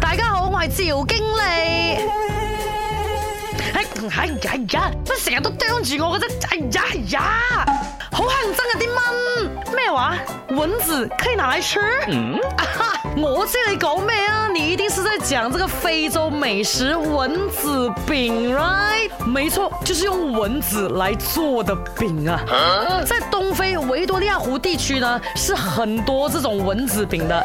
大家好，我係趙經理。係、哎、係、哎、呀，呀，乜成日都啄住我嘅啫，係、哎、呀呀，好黑人憎啊啲蚊。咩話？蚊子可以拿來吃？嗯啊、我知你講咩啊？你一定是在講這個非洲美食蚊子餅，right？沒錯，就是用蚊子來做的餅啊，啊。在東非維多利亞湖地區呢，是很多這種蚊子餅的。